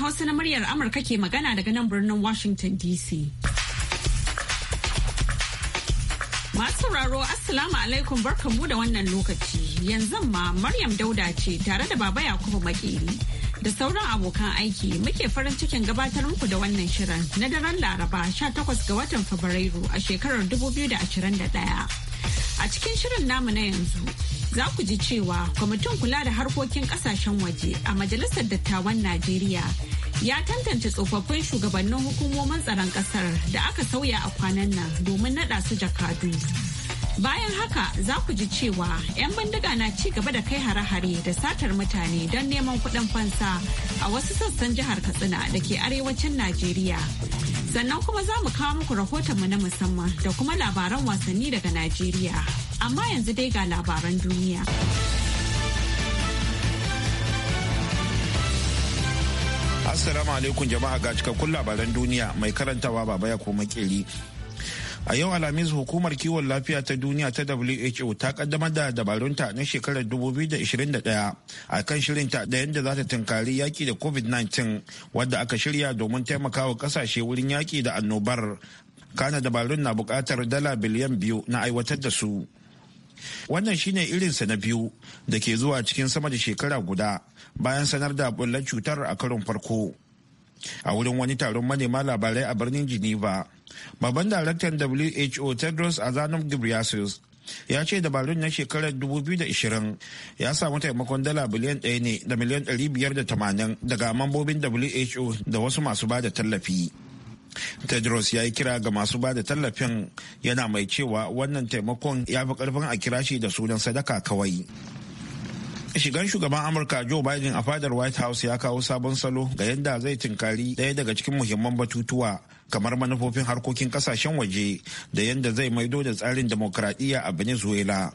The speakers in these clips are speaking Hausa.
Hausa na muryar Amurka ke magana daga nan birnin Washington DC. Masu sauraro Assalamu alaikum barkanmu da wannan lokaci. Yanzu ma Maryam Dauda ce tare da Baba Yakubu Makeri da sauran abokan aiki muke farin cikin gabatar muku da wannan shirin na daren Laraba 18 ga watan Fabrairu a shekarar 2021. A cikin shirin namu na yanzu za ku ji cewa kwamitin kula da harkokin kasashen waje a Majalisar Dattawan Najeriya ya tantance tsofaffin shugabannin hukumomin tsaron kasar da aka sauya a kwanan nan domin naɗa su jakadu. Bayan haka za ku ji cewa 'yan bindiga na ci gaba da kai hare-hare da satar mutane don neman kuɗin fansa a wasu sassan jihar Katsina da ke arewacin Najeriya. Sannan kuma za mu kawo muku rahotonmu na musamman da kuma labaran wasanni daga Najeriya. Amma yanzu dai ga labaran duniya. Assalamu alaikum jama'a ga cikakkun labaran duniya mai karantawa baba ya koma a yau alhamis hukumar kiwon lafiya ta duniya ta who ta kaddamar da dabarunta na shekarar 2021 a kan shirinta da yadda za ta tunkari yaki da covid-19 wadda aka shirya domin taimakawa kasashe wurin yaki da annobar kana dabarun na bukatar dala biliyan biyu na aiwatar da su wannan shine irinsa na biyu da ke zuwa cikin sama da shekara guda bayan sanar da bullar cutar a karon farko a wurin wani taron manema labarai a birnin geneva Babban daraktan WHO Tedros Adhanom Ghebreyesus ya ce dabarun na shekarar 2020 ya samu taimakon dala biliyan ɗaya ne da miliyan 580 daga mambobin WHO da wasu masu ba da tallafi. tedros ya yi kira ga masu ba da tallafin yana mai cewa wannan taimakon ya fi karfin a kira shi da sunan sadaka kawai shigan shugaban amurka joe biden a fadar white house ya kawo sabon salo ga yadda zai tinkari daya daga cikin muhimman batutuwa kamar manufofin harkokin kasashen waje da yadda zai maido da tsarin demokradiyya a venezuela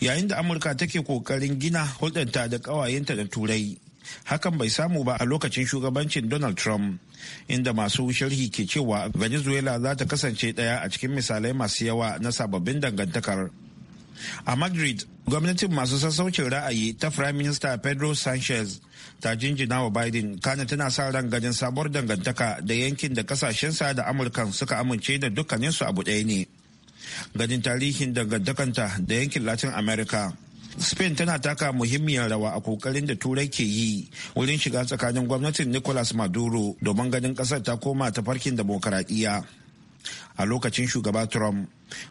yayin da amurka take kokarin gina hulɗanta da ƙawayenta da turai hakan bai samu ba a lokacin shugabancin donald trump inda masu sharhi ke cewa venezuela za ta kasance ɗaya a cikin misalai masu yawa na sababbin dangantakar a madrid gwamnatin masu sassaucin ra'ayi ta prime minister pedro sanchez ta jinjina wa Biden kana tana sa ran ganin sabuwar dangantaka da yankin da kasashensa da Amurkan suka amince da dukkaninsu abu ɗaya ne. Ganin tarihin dangantakanta da yankin Latin America. Spain tana taka muhimmiyar rawa a kokarin da Turai ke yi wurin shiga tsakanin gwamnatin Nicolas Maduro domin ganin ƙasar ta koma ta farkin demokaradiyya. a lokacin shugaba trump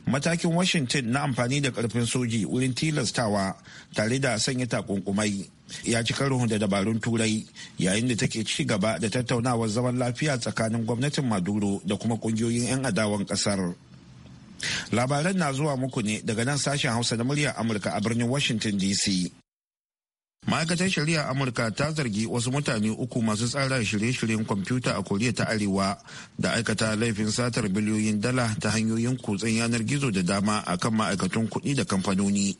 matakin washington na amfani da karfin soji wurin tilastawa tare da sanya takunkumai ya ci karo da dabarun turai yayin da take ci gaba da tattaunawar zaman lafiya tsakanin gwamnatin maduro da kuma kungiyoyin 'yan adawan kasar labaran na zuwa muku ne daga nan sashen hausa na muryar amurka a birnin washington dc ma'aikatar shari'a amurka ta zargi wasu mutane uku masu tsara shirye-shiryen kwamfuta a koriya ta arewa da aikata laifin satar biliyoyin dala ta hanyoyin kutsen yanar gizo da dama a kan ma'aikatun kuɗi da kamfanoni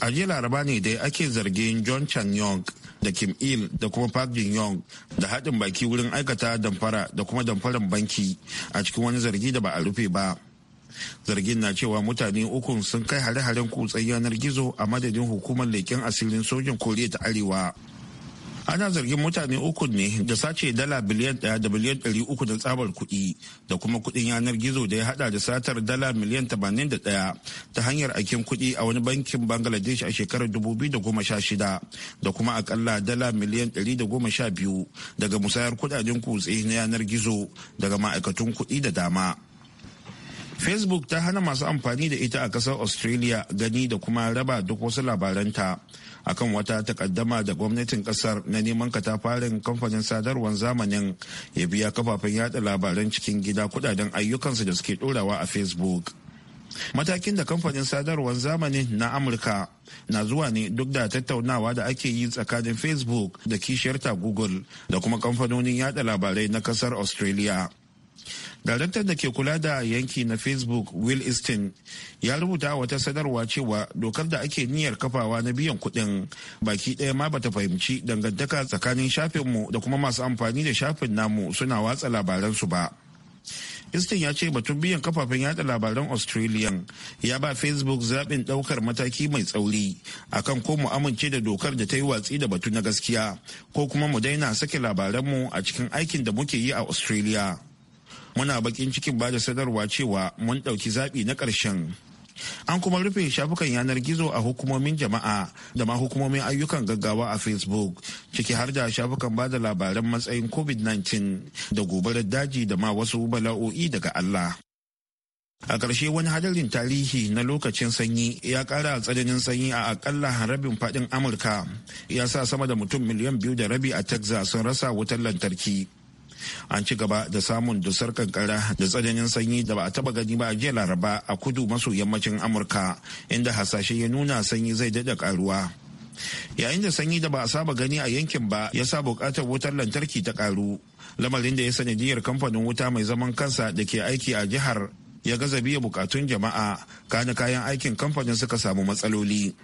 a jiya laraba ne dai ake zargin john chan yong da kim il da kuma park jin yong da haɗin baki wurin aikata damfara da kuma damfaran banki a cikin wani zargi da ba a rufe ba zargin na cewa mutane uku sun kai hare-haren kutsen yanar gizo a madadin hukumar leken asirin sojin koriya ta arewa ana zargin mutane uku ne da sace dala biliyan daya da biliyan dari uku da tsabar kuɗi da kuma kuɗin yanar gizo da ya hada da satar dala miliyan tamanin da daya ta hanyar aikin kuɗi a wani bankin bangladesh a shekarar dubu biyu da goma sha shida da kuma akalla dala miliyan dari da goma sha biyu daga musayar kuɗaɗen kutse na yanar gizo daga ma'aikatun kuɗi da dama. facebook ta hana masu amfani da ita a kasar australia gani da kuma raba duk wasu labaranta akan wata takaddama da gwamnatin kasar na neman katafarin kamfanin sadarwar zamanin ya biya kafafen yada labaran cikin gida kudaden ayyukansu da suke dorawa a facebook matakin da kamfanin sadarwar zamani na amurka na zuwa ne duk da tattaunawa da ake yi tsakanin facebook da kishiyarta google da kuma kamfanonin yada labarai na kasar australia daraktar da ke kula da yanki na facebook will easton ya rubuta wata sanarwa cewa dokar da ake niyyar kafawa na biyan kuɗin baki ɗaya ma bata fahimci dangantaka tsakanin shafinmu da kuma masu amfani da shafin namu suna watsa labaransu ba easton ya ce batun biyan kafafen yada labaran australian ya ba facebook zaɓin ɗaukar mataki mai tsauri akan ko mu amince da dokar da ta yi watsi da batu na gaskiya ko kuma mu daina sake labaranmu a cikin aikin da muke yi a australia muna bakin cikin bada sadarwa cewa mun ɗauki zaɓi na ƙarshen an kuma rufe shafukan yanar gizo a hukumomin jama'a da ma hukumomin ayyukan gaggawa a facebook ciki har da shafukan bada labaran matsayin covid-19 da gobarar daji da ma wasu bala'o'i daga allah a ƙarshe wani hadarin tarihi na lokacin sanyi ya ƙara tsananin sanyi a akalla rabin faɗin amurka ya sa sama da mutum miliyan biyu da rabi a texas sun rasa wutar lantarki an ci gaba da samun dusar kankara da tsananin sanyi da ba a taba gani ba a jiya laraba a kudu maso yammacin amurka inda hasashe ya nuna sanyi zai daɗa karuwa yayin da sanyi da ba a saba gani a yankin ba ya sa buƙatar wutar lantarki ta karu lamarin da ya sanadiyar kamfanin wuta mai zaman kansa da ke aiki a jihar ya gaza biya bukatun jama'a kana kayan aikin kamfanin suka samu matsaloli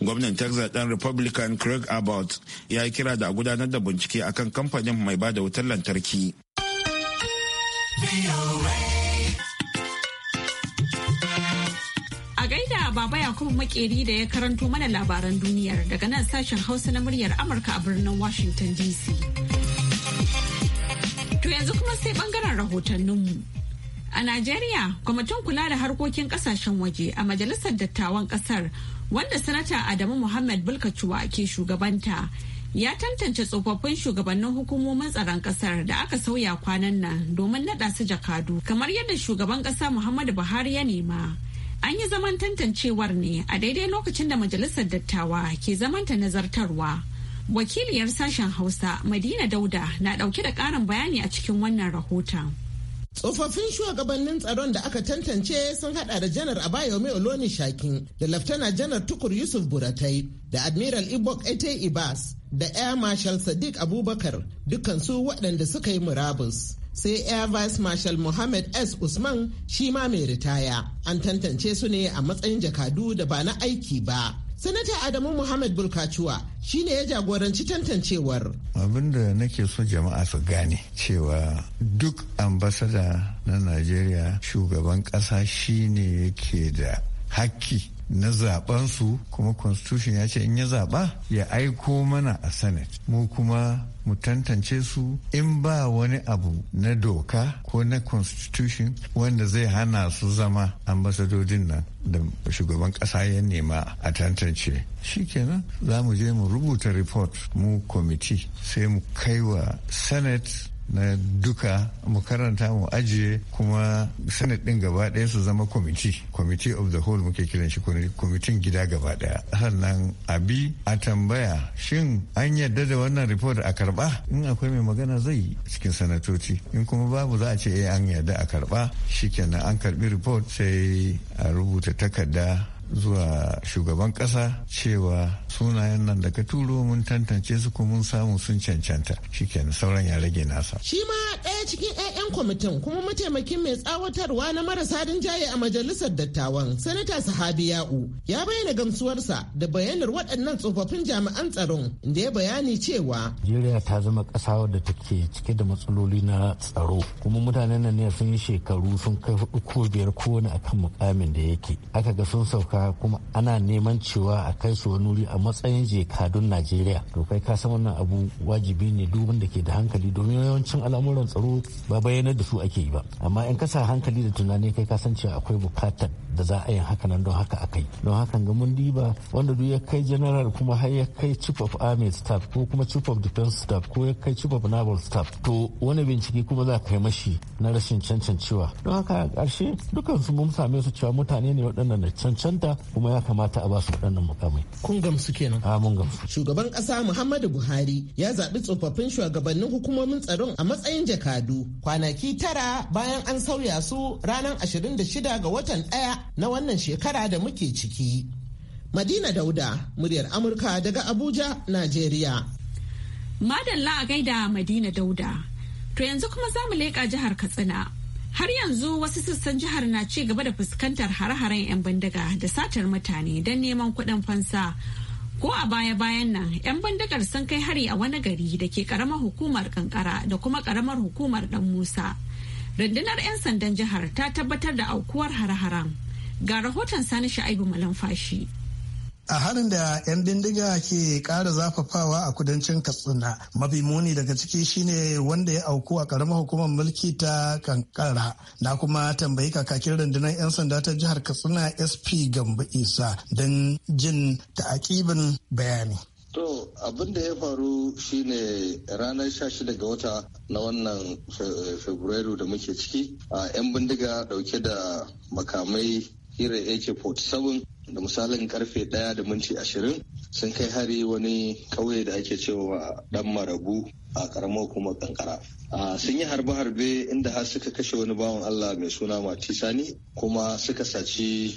gwamnan texas dan republican craig abbott ya yi kira da a gudanar da bincike akan kamfanin mai ba da wutar lantarki a gaida baba yakubu makeri da ya karanto mana labaran duniyar daga nan sashen hausa na muryar amurka a birnin washington dc to yanzu kuma sai bangaren rahotanninmu A Najeriya, kwamitin kula da harkokin kasashen waje a Majalisar Dattawan Kasar, wanda Sanata Adamu Muhammad Bulkacuwa ke shugabanta, ya tantance tsofaffin shugabannin hukumomin tsaron kasar da aka sauya kwanan nan domin naɗa su jakadu, kamar yadda shugaban ƙasa Muhammadu Buhari ya nema. An yi zaman tantancewar ne a daidai lokacin da Majalisar Dattawa ke zamanta nazartarwa. Wakiliyar sashen Hausa, Madina Dauda, na ɗauke da ƙarin bayani a cikin wannan rahoton. Tsofaffin shugabannin tsaron da aka tantance sun hada da janar Abayomi Oloni Shakin da Laftana janar Tukur Yusuf Buratai da Admiral Ibok Ete Ibas da Air Marshal Sadiq Abubakar dukansu waɗanda suka yi murabus. sai air vice marshal mohammed s usman shi ma mai ritaya an tantance su ne a matsayin jakadu da ba na aiki ba sanata adamu muhammad bulkacuwa shine ya jagoranci tantancewar abin da nake so jama'a su gane cewa duk ambasada na najeriya shugaban ƙasa shine yake da hakki na zabansu kuma constitution ya ce in ya zaba ya aiko mana a senate mu kuma mu tantance su in ba wani abu na doka ko na constitution wanda zai hana su zama ambasadodin nan da shugaban kasa ya nema a tantance shikenan za mu je mu rubuta report mu committee sai mu kai wa senate na duka mu karanta mu ajiye kuma sanadin din gaba ɗaya su zama kwamiti kwamiti of the whole muke kiran shi kwamitin gida gaba ɗaya sannan abi a tambaya shin an yadda da wannan report a karba in akwai mai magana zai yi cikin sanatoci in kuma babu za a ce eh an yarda a karba shikenan an karbi report sai a rubuta takarda zuwa shugaban kasa cewa sunayen nan daga turo mun tantance su kuma mun samu sun cancanta shi shikenan sauran ya rage nasa. Shi ma daya cikin 'ya'yan kwamitin kuma mataimakin mai tsawatarwa na marasa rinjaye a majalisar dattawan sanata sahabi ya'u ya bayyana gamsuwarsa da bayanar waɗannan tsofaffin jami'an tsaron da ya bayani cewa nigeria ta zama ƙasa wadda take cike da matsaloli na tsaro kuma mutane nan ne sun yi shekaru sun kai hudu ko biyar kowane akan mukamin da yake aka ga sun sauka kuma ana neman cewa a kai su wani wuri a matsayin jekadun Najeriya to kai ka san wannan abu wajibi ne duk wanda ke da hankali domin yawancin al'amuran tsaro ba bayanar da su ake yi ba amma in kasa hankali da tunani kai ka san cewa akwai bukatar da za a yi haka nan don haka akai don haka ga mun diba wanda duk ya kai general kuma har ya kai chief of army staff ko kuma chief of defense staff ko ya kai chief of naval staff to wani bincike kuma za kai mashi na rashin cancancewa don haka a ƙarshe dukansu mun same su cewa mutane ne waɗannan da cancanta kuma ya kamata a ba su waɗannan mukamai kun gamsu kenan a mun gamsu shugaban ƙasa muhammadu buhari ya zaɓi tsofaffin shugabannin hukumomin tsaron a matsayin jakar al'adu kwanaki tara bayan an sauya su ranar 26 ga watan ɗaya na wannan shekara da muke ciki. Madina Dauda, muryar Amurka daga Abuja, Najeriya. Madalla a gaida Madina Dauda. To yanzu kuma za mu leƙa jihar Katsina. Har yanzu wasu sassan jihar na ci gaba da fuskantar hare-haren 'yan bindiga da satar mutane don neman kuɗin fansa. Ko a baya-bayan nan, 'yan bandagar sun kai hari a wani gari da ke karamar hukumar kankara da kuma karamar hukumar dan Musa. Rundunar 'yan sandan jihar ta tabbatar da aukuwar har-haren. Ga rahoton Sani Sha'ibu Malamfashi. a harin da 'yan bindiga ke ƙara zafafawa a kudancin katsina mafi muni daga ciki shine wanda ya auku a karamar hukumar mulki ta kankara na kuma tambayi kakakin rundunar 'yan sanda ta jihar katsina sp gambo isa don jin ta'akibin bayani To abin da ya faru shine ranar 16 ga wata na wannan Fabrairu da muke ciki a 'yan bindiga dauke da makamai hira AK-47 da misalin karfe ɗaya da minti ashirin sun kai hari wani ƙauye da ake cewa dan marabu a karamar hukumar kankara sun yi harbe-harbe inda har suka kashe wani bawan allah mai suna mati sani kuma suka saci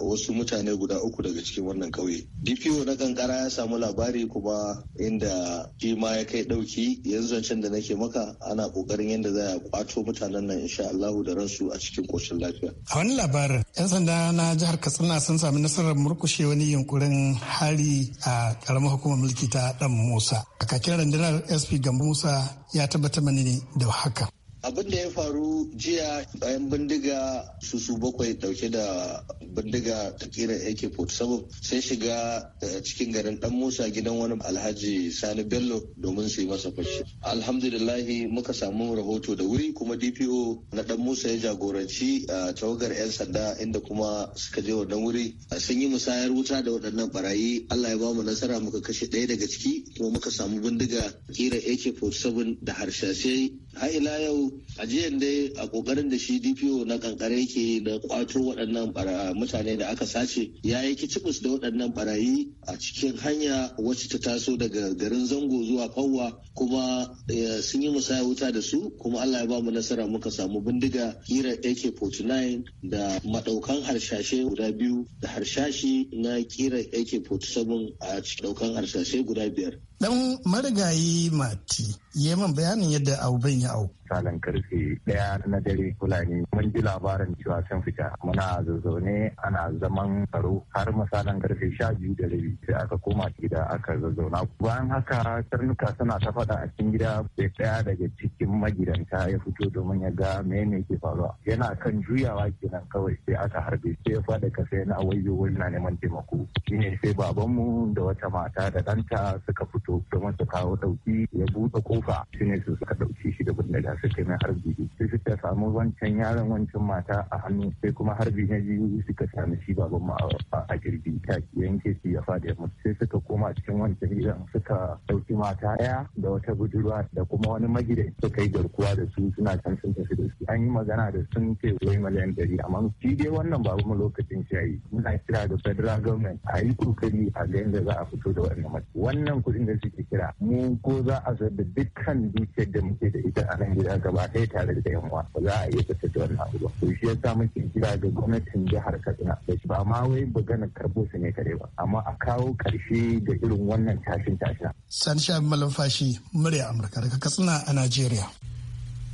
wasu mutane guda uku daga cikin wannan kauye dpo na kankara ya samu labari kuma inda ma ya kai dauki yanzu zancen da nake maka ana kokarin yadda za a kwato mutanen nan insha allahu da ransu a cikin koshin lafiya a wani labarin yan sanda na jihar katsina sun sami nasarar murkushe wani yunkurin hari a karamar hukumar mulki ta dan musa a kakin rundunar Tasfi Gambo Musa ya tabbatar mani ne da haka. abin da ya faru jiya bayan bindiga su su bakwai dauke da bindiga ta kira ak sabo sai shiga eh, cikin garin dan musa gidan wani alhaji sani bello domin su yi masa fashi alhamdulillahi muka samu rahoto da wuri kuma dpo na dan musa ya jagoranci eh, tawagar 'yan sanda inda kuma suka je wannan wuri eh, sun yi musayar wuta da waɗannan barayi allah ya bamu nasara muka kashe ɗaya daga ciki kuma muka samu bindiga kira ak sabo da harshashe har ila yau a jiyan dai a kokarin da shi dpo na kankare yake na kwato waɗannan mutane da aka sace ya yi kicibus da waɗannan barayi a cikin hanya wacce ta taso daga garin zango zuwa kawwa kuma eh, sun yi musaya wuta da su kuma allah ya ba mu nasara muka samu bindiga kira ak-49 da madaukan harshashe guda biyu da harshashi na ƙira ak-47 a cikin daukan harshashe guda biyar Dan marigayi mati ya man bayanin yadda abubuwan ya au Salon karfe daya na dare Fulani mun ji labarin cewa sun fita muna zazzaune ana zaman tsaro har misalin karfe sha biyu da rabi sai aka koma gida aka zazzauna. Bayan haka karnuka suna ta faɗa a cikin gida sai ɗaya daga cikin magidanta ya fito domin ya ga mene ke faruwa. Yana kan juyawa kenan kawai sai aka harbe sai ya fada ka sai na wayo wani na neman taimako. ne sai babanmu da wata mata da ɗanta suka fito to kamar ta kawo ɗauki ya buɗe kofa shi ne su suka ɗauki shi da da su kai mai harbi sai suka samu wancan yaron wancan mata a hannu sai kuma harbi na biyu suka sami shi baban mu a girbi ta yanke shi ya fada ya mutu sai suka koma cikin wancan gidan suka ɗauki mata ɗaya da wata budurwa da kuma wani magidan suka yi garkuwa da su suna can sun tafi da su an yi magana da sun ce wai miliyan ɗari amma shi dai wannan babu mu lokacin shi yi muna kira da federal government a yi kokari a ga yadda za a fito da wannan wannan kudin da kai suke kira mu ko za a sayar da dukkan dukiyar da muke da ita a nan gida gaba ɗaya tare da yan uwa ba za a iya fitar da wannan abu ba to shi yasa muke kira ga gwamnatin jihar Katsina da ba ma wai bagana karbo su ne kare ba amma a kawo ƙarshe da irin wannan tashin tashin. Sanisha Malamfashi murya Amurka daga Katsina a Najeriya.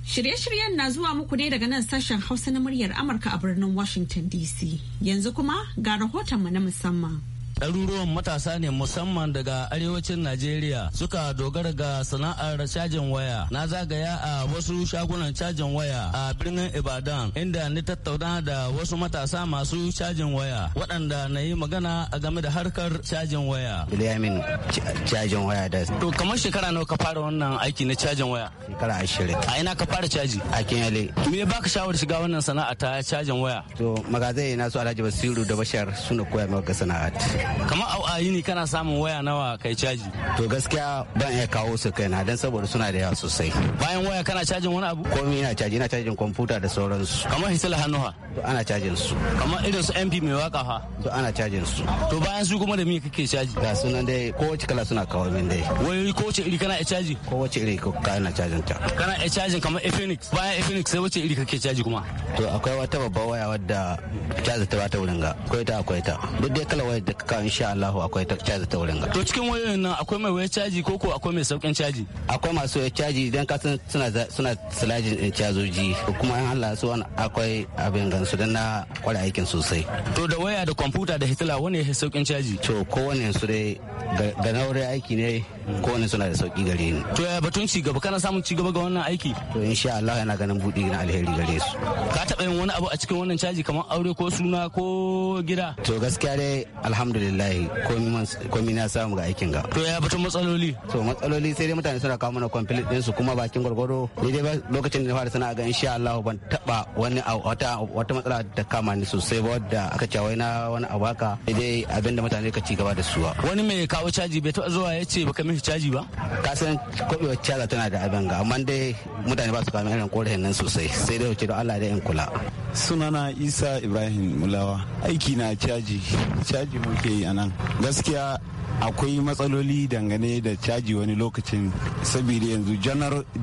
Shirye-shiryen na zuwa muku ne daga nan sashen Hausa na muryar Amurka a birnin Washington DC. Yanzu kuma ga rahotonmu na musamman. ɗaruruwan matasa ne musamman daga arewacin najeriya suka dogara ga sana'ar cajin waya na zagaya a wasu shagunan cajin waya a birnin ibadan inda ni tattauna da wasu matasa masu cajin waya waɗanda na yi magana a game da harkar cajin waya bilyamin cajin waya da to kamar shekara nawa ka fara wannan aiki na cajin waya shekara ashirin a ina ka fara caji a kinyale me baka shawarar shiga wannan sana'a ta cajin waya to magazai na su alhaji basiru da bashar suna koya maka sana'a kamar a yini kana samun waya nawa kai caji to gaskiya ban iya kawo su kaina dan saboda suna da yawa sosai bayan waya kana cajin wani abu komai ina caji ina cajin kwamfuta da sauransu kamar hisila hannu ha to ana cajin su kamar irin su mp mai waka ha to ana cajin su to bayan su kuma da mi kake caji ga sunan dai kowace kala suna kawo min dai wai kowace iri kana iya caji kowace iri ka ina cajin ta kana iya cajin kamar ephenix. bayan ephenix sai wace iri kake caji kuma to akwai wata babbar waya wadda caji ta bata wurin ga akwai ta akwai ta duk dai kala waya da haka insha Allah akwai ta caji ta wurin to cikin wayoyin nan akwai mai wayar caji ko ko akwai mai saukin caji akwai masu wayar caji idan ka suna suna silajin din cazoji kuma in Allah so akwai abin gansu dan na kware aikin sosai to da waya da kwamfuta da hitila wani ya saukin caji to kowane su dai ga naurin aiki ne kowane suna da sauki gare ni to ya batun ci gaba kana samun ci gaba ga wannan aiki to insha Allah yana ganin budi na alheri gare su ka taba yin wani abu a cikin wannan caji kamar aure ko suna ko gida to gaskiya dai alhamdulillah alhamdulillah komi na samu ga aikin ga to ya batun matsaloli to matsaloli sai dai mutane suna kawo mana complete din su kuma bakin gwargwaro ni dai lokacin da na fara sana'a ga insha Allah ban taba wani wata wata matsala da kama ni sosai ba wadda aka cewa na wani abu haka sai dai abinda mutane ka ci gaba da suwa wani mai kawo caji bai taba zuwa yace baka mishi caji ba ka san wa caza tana da abin ga amma dai mutane ba su kawo irin korafin nan sosai sai dai wuce da Allah da in kula sunana isa ibrahim mulawa aiki na caji caji muke yi anan gaskiya akwai matsaloli dangane da caji wani lokacin saboda yanzu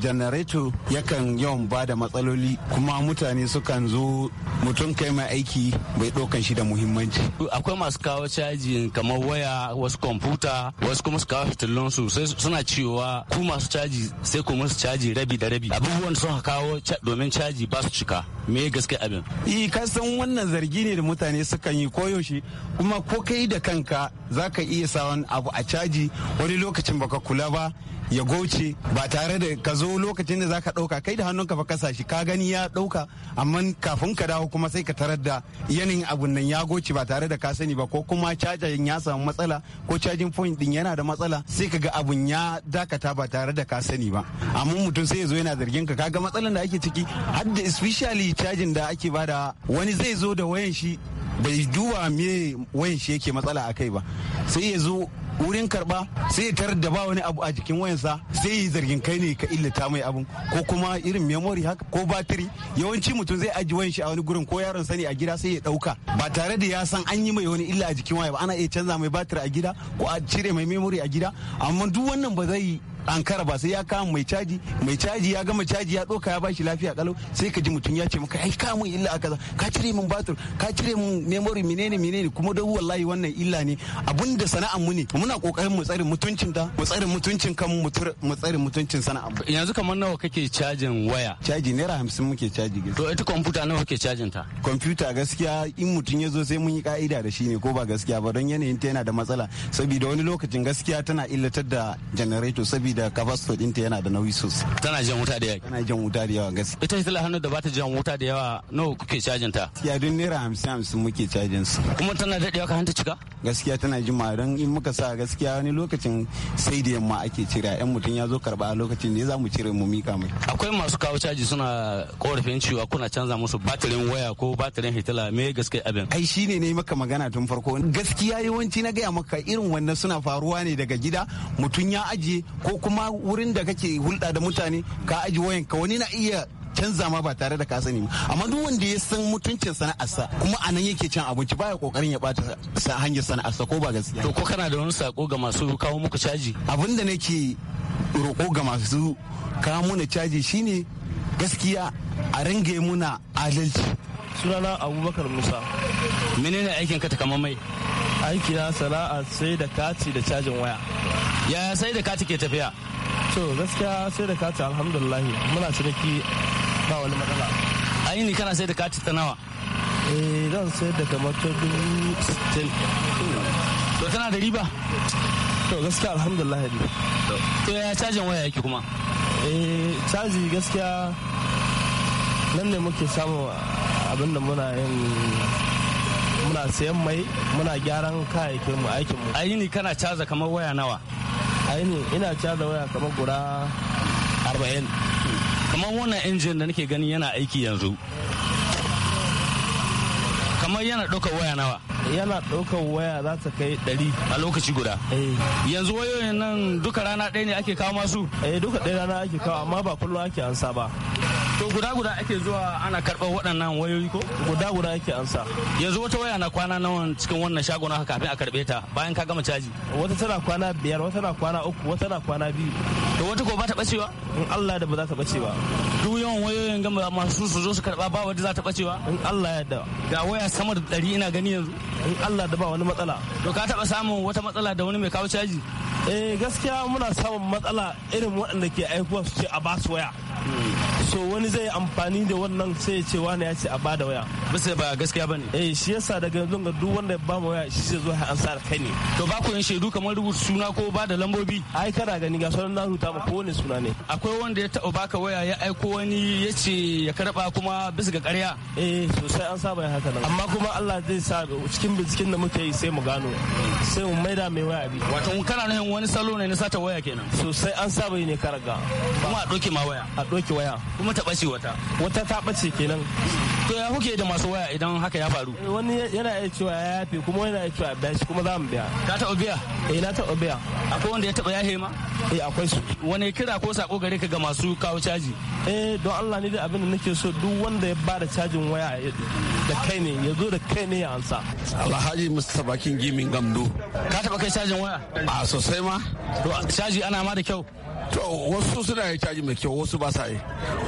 janareto yakan yawan ba da matsaloli kuma mutane sukan zo mutum kai mai aiki bai ɗaukan shi da muhimmanci akwai masu kawo caji kamar waya wasu kwamfuta wasu kuma su kawo fitilun suna cewa ku masu caji sai ku musu caji rabi da rabi abubuwan sun kawo domin caji ba su cika me gaskiya abin kenan ka san wannan zargi ne da mutane sukan yi koyaushe kuma ko kai da kanka zaka iya sa abu a caji wani lokacin baka kula ba ya goce ba tare da ka zo lokacin da za ka ɗauka kai da hannunka fa kasa shi ka gani ya ɗauka amma kafin ka dawo kuma sai ka tarar da yanayin abun nan ya goce ba tare da ka sani ba ko kuma cajin ya samu matsala ko cajin point din yana da matsala sai ka ga abun ya dakata ba tare da ka sani ba amma mutum sai ya zo yana zargin ka kaga matsalan da ake ciki har da especially cajin da ake bada wani zai zo da wayan shi bai duba me wayan shi yake matsala a kai ba sai ya zo wurin karba sai ya tarar da ba wani abu a jikin wayansa sai yi zargin kai ne ka illata mai abun ko kuma irin memory haka ko batiri yawanci mutum zai aji wayan shi a wani gurin ko yaron sani a gida sai ya dauka ba tare da ya san an yi mai wani illa a jikin waya ba ana iya canza mai batiri a gida ko a cire mai memory a gida amma duk wannan ba zai ankara ba sai ya kama mai caji mai caji ya gama caji ya doka ya bashi lafiya kalau sai ka ji mutum ya ce maka ai ka mun illa aka ka cire mun batur ka cire mun memory menene menene kuma da wallahi wannan illa ne abinda sana'an mu ne muna kokarin mu tsare mutuncin ta mu tsare mutuncin kan mu tsare mutuncin sana'a. mu yanzu kamar nawa kake cajin waya caji naira hamsin muke caji to ita kwamfuta nawa kake cajin ta kwamfuta gaskiya in mutum ya zo sai mun yi ka'ida da shi ne ko ba gaskiya ba don yanayin ta yana da matsala saboda wani lokacin gaskiya tana illatar da generator saboda saboda capacitor dinta yana da nauyi sosai tana jan wuta da yawa tana jan wuta da yawa gaskiya ita ita hannu da bata jan wuta da yawa nawa kuke cajin ta ya dun naira hamsin hamsin muke cajin su kuma tana daɗewa ka hanta cika gaskiya tana jima don in muka sa gaskiya wani lokacin sai da yamma ake cira yan mutum ya zo karba a lokacin ne za mu cire mu mika mai akwai masu kawo caji suna korafin cewa kuna canza musu batirin waya ko batirin hitila me gaskiya abin ai shine ne maka magana tun farko gaskiya yawanci na gaya maka irin wannan suna faruwa ne daga gida mutum ya ajiye ko kuma wurin da kake hulɗa da mutane ka aji wayan ka wani na iya canza ma ba tare da ka sani amma duk wanda ya san mutuncin sana'arsa kuma a nan yake cin abinci baya kokarin ya bata sa hanyar sana'arsa ko ba gaskiya to ko kana da wani sako ga masu kawo muku caji abin da nake roko ga masu kawo muna caji shine gaskiya a ringa muna adalci sunana abubakar musa menene aikin ka ta mai aiki na sana'a sai da kati da cajin waya yaya sai da kati ke tafiya to gaskiya sai da kati alhamdulillah muna ciniki ba wani matsala aini kana sai da kati ta nawa eh zan sai da kamar ta dubu to tana da riba to gaskiya alhamdulillah to ya cajin waya yake kuma eh caji gaskiya nan ne muke samu abinda muna yin muna sayan mai muna gyaran kayayyakin mu aikin mu ayini kana caza kamar waya nawa ayini ina caza waya kamar guda 40 kamar wannan injin da nake gani yana aiki yanzu kamar yana ɗaukar waya nawa yana ɗaukar waya za ta kai ɗari a lokaci guda eh. yanzu wayoyin nan duka rana ɗaya ne ake kawo masu eh duka ɗaya rana ake kawo amma ba kullum ake ansa ba to guda guda ake zuwa ana karɓar waɗannan wayoyi ko guda guda ake ansa yanzu wata waya na kwana nawa cikin wannan shagon haka kafin a karɓe ta bayan ka gama caji wata tana kwana biyar wata na kwana uku wata na kwana biyu to wata ko ba ta bacewa in Allah da ba za ta bacewa duk yawan wayoyin gama masu su zo su karɓa ba wata za ta bacewa in Allah ya da ga waya sama da ɗari ina gani yanzu in Allah da ba wani matsala to ka taɓa samun wata matsala da wani mai kawo caji eh gaskiya muna samun matsala irin waɗanda ke aikuwa su ce a basu waya so wani zai amfani da wannan sai ya ce wani ya ce a bada waya bisa ba gaskiya bane eh shi yasa daga yanzu ga duk wanda ya ba mu waya shi zai zo an da kai ne to ba ku yin shaidu kamar rubuta suna ko ba da lambobi ai kana gani ga sauran na rubuta ma kowane suna ne akwai wanda ya taba baka waya ya aiko wani ya ce ya karba kuma bisa ga ƙarya eh sosai an saba ya haka nan amma kuma Allah zai sa cikin binciken da muke yi sai mu gano sai mu maida mai waya bi wato kana nan wani salo ne na sata waya kenan sosai an saba yi ne karaga kuma a doke ma waya a doke waya kuma taɓa ce wata wata ta ɓace kenan to ya kuke da masu waya idan haka ya faru eh, wani yana iya cewa ya yafe kuma yana iya cewa biya shi kuma za mu biya ka taɓa obiya eh na taɓa obiya akwai wanda ya taɓa yahe ma eh akwai su wani kira ko sako gare ka ga masu kawo caji eh don Allah ni da abin da nake so duk wanda ya bada cajin waya da kai ne ya zo da kai ne ya ansa Alhaji Mustapha King Gaming Gamdo ka taɓa kai cajin waya a sosai ma to caji ana ma da kyau to wasu suna yi caji mai kyau wasu ba sa yi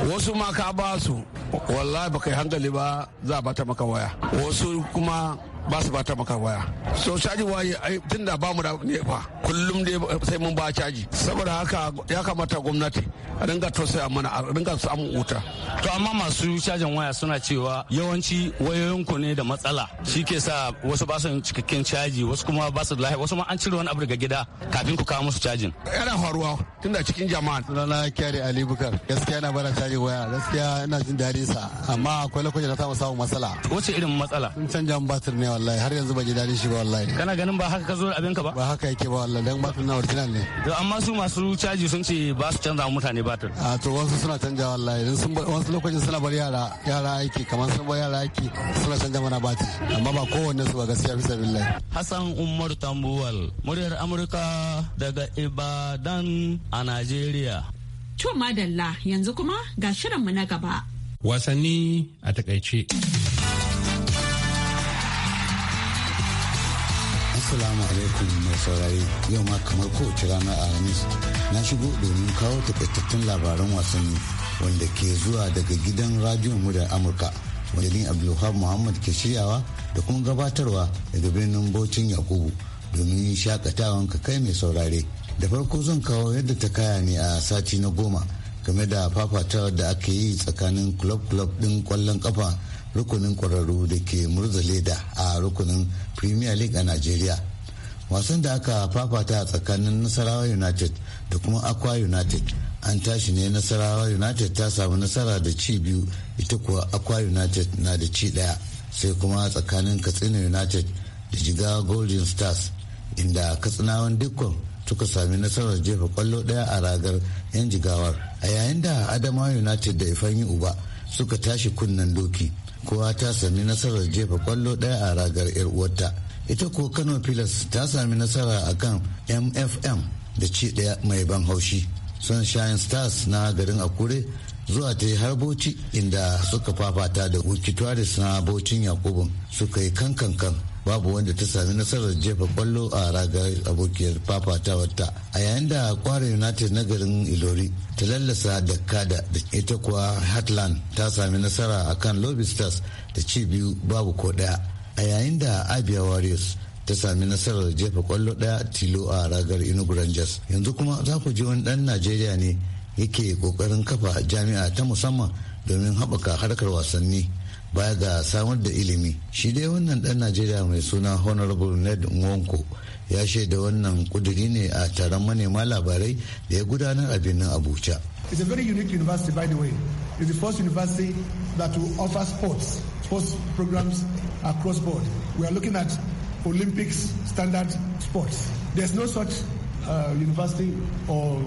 wasu ma ka ba su wallahi baka yi hankali ba za a bata maka waya wasu kuma ba su bata maka waya so caji waye ai tunda ba mu da ne ba. kullum dai sai mun ba caji saboda haka ya kamata gwamnati a dinga tausaya mana a dinga amu wuta to amma masu cajin waya suna cewa yawanci ku ne da matsala shi ke sa wasu ba su cikakken caji wasu kuma ba su lahi wasu ma an cire wani abu daga gida kafin ku kawo musu cajin yana faruwa tunda cikin jama'a sunana kyari ali bukar gaskiya na bana caji waya gaskiya ina jin daɗin sa amma akwai lokacin da ta samu matsala wace irin matsala sun canja batir ne wallahi har yanzu ba ji daɗin shi ba wallahi kana ganin ba haka ka zo abin ka ba ba haka yake ba wallahi dan batir na original ne to amma su masu caji sun ce ba su canza mutane batir a to wasu suna canja wallahi dan sun wasu lokacin suna bar yara yara aiki kamar sun bar yara aiki suna canja mana batir amma ba kowanne su ba gaskiya bisa billahi Hassan Umar Tambuwal muryar Amurka daga Ibadan a Najeriya To madalla yanzu kuma ga shirinmu na gaba. Wasanni a takaice. Assalamu alaikum mai saurari yau ma kamar kowace ranar Alhamis na shigo domin kawo takaitattun labaran wasanni wanda ke zuwa daga gidan radiyon da Amurka wanda ni Abdulhab Muhammad ke shiryawa da kuma gabatarwa daga birnin Bocin Yakubu domin shakatawan ka kai mai saurare. Da farko zan kawo yadda ta kaya ne a sati na goma game da fafatawar da aka yi tsakanin club club din kwallon kafa rukunin kwararru da ke murzale da a rukunin premier league a nigeria wasan da aka fafata a tsakanin nasarawa united da kuma aqua united an tashi ne nasarawa united ta samu nasara da ci biyu ita kuwa aqua united na da ci daya sai kuma tsakanin katsina united da jiga golden stars inda katsinawan dukkan suka sami nasarar jefa kwallo daya a ragar 'yan jigawar a yayin da adamawa united da ifanyi uba suka tashi kunnen doki kowa ta sami nasarar jefa kwallo ɗaya a ragar 'yar uwarta ita ko kano pilas ta sami nasara a kan mfm da ci ɗaya mai ban haushi sun shayin stars na garin akure zuwa ta yi har bauchi inda suka fafata da wikitoris na bocin yakubun suka yi kankan kan babu wanda ta sami nasarar jefa kwallo a ragar abokiyar wata. a yayin da kwara united na garin ilori ta lallasa da kada da ita kuwa heartland ta sami nasara a kan lobby stars da ci biyu babu ko daya a yayin da abia warriors ta sami nasarar jefa kwallo daya tilo a ragar inugu rangers yanzu kuma za ku ji wani dan najeriya ne yake kokarin kafa jami'a ta musamman domin haɓaka harkar wasanni baya ga samar da ilimi shi dai wannan dan najeriya mai suna honorable ned nwonko ya shaida wannan kuduri ne a taron manema labarai da ya gudanar a birnin abuja it's a very unique university by the way it's the first university that will offer sports sports programs across board we are looking at olympics standard sports there's no such uh, university or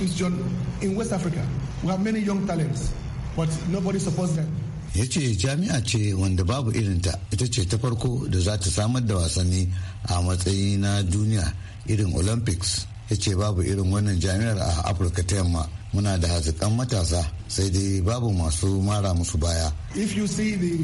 institution in west africa we have many young talents but nobody supports them ya ce jami'a ce wanda babu irin ta ita ce ta farko da za ta samar da wasanni a matsayi na duniya irin olympics ya ce babu irin wannan jami'ar a afirka ta yamma muna da hazikan matasa sai dai babu masu mara musu baya if you see the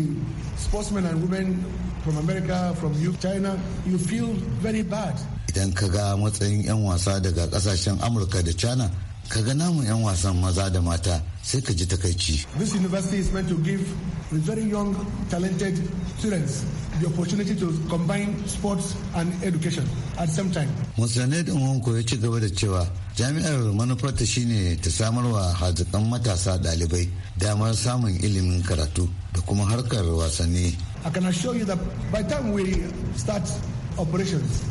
sportsmen and women from america from china you feel very bad idan ka ga matsayin 'yan wasa daga kasashen amurka da china ka ga namu 'yan wasan maza da mata sai ka ji takaici. This university is meant to give the very young talented students the opportunity to combine sports and education at the same time. Musulunai da Nwanko ya ci gaba da cewa jami'ar manufarta shine ta samarwa hazikan matasa ɗalibai damar samun ilimin karatu da kuma harkar wasanni. I can assure you that by time we start operations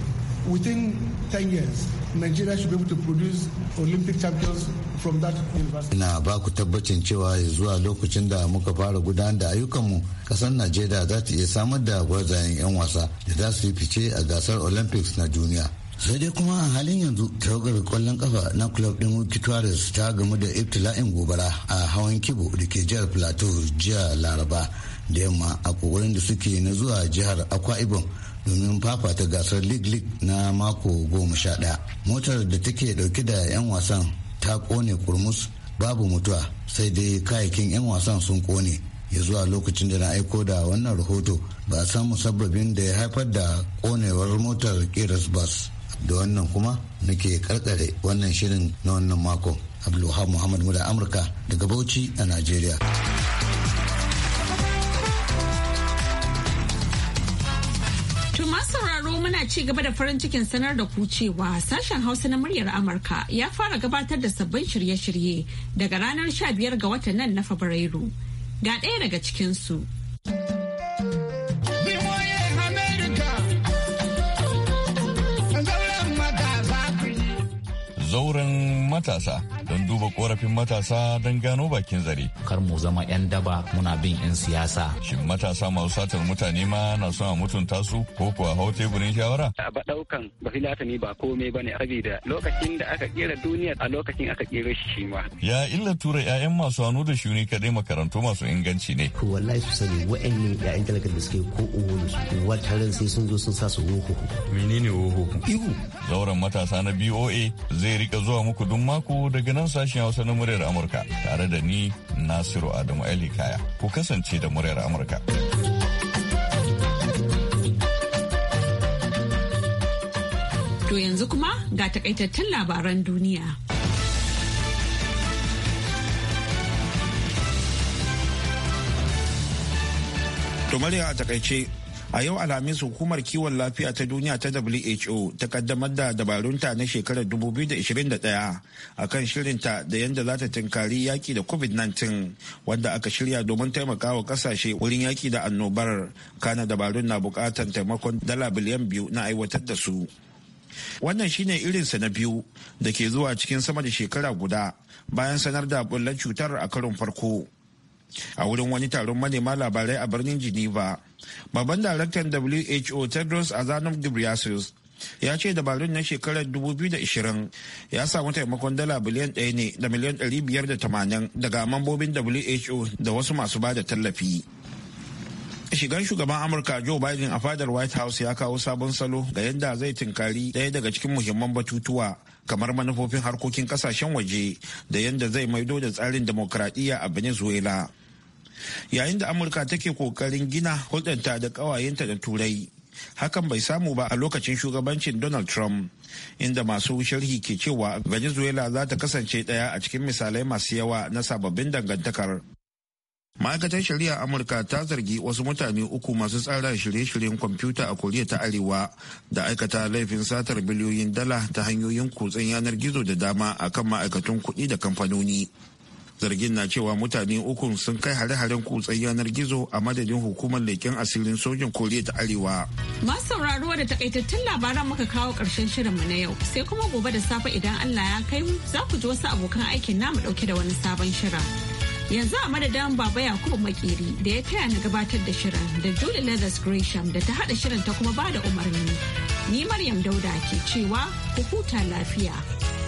within 10 years Nigeria should be able to produce Olympic champions from that university. Ina ba ku tabbacin cewa zuwa lokacin da muka fara gudanar da ayyukanmu kasar Najeriya za ta iya samar da gwarzayen 'yan wasa da za su yi fice a gasar Olympics na duniya. sai dai kuma a halin yanzu tawagar kwallon kafa na club din wikitoris ta gamu da ibtila'in gobara a hawan kibo da ke jihar plateau jiya laraba da yamma a kokarin da suke na zuwa jihar akwa ibom domin fafata gasar lig lig na mako goma sha ɗaya motar da take dauke da 'yan wasan ta kone kurmus babu mutuwa sai dai kayakin 'yan wasan sun kone ya zuwa lokacin da na aiko da wannan rahoto ba a san musabbabin da ya haifar da konewar motar kiras bus da wannan kuma nake karkare wannan shirin na wannan mako abdulhamu muhammad muda amurka daga bauchi a najeriya A ci gaba da farin cikin sanar da ku cewa sashen Hausa na muryar Amurka ya fara gabatar da sabbin shirye-shirye daga ranar 15 ga watan nan na Fabrairu. Ga ɗaya daga cikinsu. Zauren matasa don duba korafin matasa don gano bakin zare. Kar mu zama 'yan daba muna bin 'yan siyasa. Shin matasa masu satar mutane ma na son a mutunta su ko kuwa hau teburin shawara? A ba ɗaukan ba ba komai ba ne saboda lokacin da aka kera duniya a lokacin aka kera shi shi ma. Ya illa tura 'ya'yan masu hannu da shuni kadai makarantu masu inganci ne. Ko wallahi su sani ne 'ya'yan talaka da suke ko uwan su sai sun zo sun sa su woho. Menene woho? Ihu. Zauren matasa na BOA zai rika zuwa muku duk mako daga nan sashen Hausa na muryar Amurka tare da ni Nasiru Adamu Ali Kaya. Ku kasance da muryar Amurka. To yanzu kuma ga takaitattun labaran duniya. To a takaice a yau alhamis hukumar kiwon lafiya ta duniya ta who ta kaddamar da dabarunta na shekarar 2021 akan shirinta da yadda za ta tunkari yaki da covid-19 wanda aka shirya domin taimaka wa kasashe wurin yaki da annobar kana dabarun na bukatar taimakon dala biliyan biyu na aiwatar da su wannan shine irin sa na biyu da ke zuwa cikin sama da shekara guda bayan sanar da bullar cutar a karon farko a wurin wani taron manema labarai a birnin geneva Babban daraktan WHO Tedros Adhanom Ghebreyesus ya ce dabarun na shekarar 2020 ya samu taimakon dala biliyan ɗaya ne da miliyan 580 daga mambobin WHO da wasu masu ba da tallafi. shigan shugaban amurka joe biden a fadar white house ya kawo sabon salo ga yadda zai tinkari daya daga cikin muhimman batutuwa kamar manufofin harkokin kasashen waje da yadda zai maido da tsarin demokradiyya a venezuela yayin da amurka take kokarin gina hulɗanta da ƙawayenta da turai hakan bai samu ba a lokacin shugabancin donald trump inda masu sharhi ke cewa venezuela za ta kasance ɗaya a cikin misalai masu yawa na sababbin dangantakar ma'aikatar shari'a amurka ta zargi wasu mutane uku masu tsara shirye-shiryen kwamfuta a koriya ta arewa da aikata laifin satar biliyoyin dala ta hanyoyin kutsen yanar gizo da dama akan ma'aikatun kuɗi da kamfanoni zargin na cewa mutane uku sun kai hare-haren kutsen yanar gizo a madadin hukumar leƙen asirin sojin koriya ta arewa masu sauraro da takaitattun labaran muka kawo ƙarshen shirinmu na yau sai kuma gobe da safe idan allah ya kai mu za ku ji wasu abokan aikin namu ɗauke da wani sabon shirin yanzu a madadin baba yakubu makeri da ya taya na gabatar da shirin da julie leathers gresham da ta haɗa shirin ta kuma ba da umarni ni maryam dauda ke cewa ku huta lafiya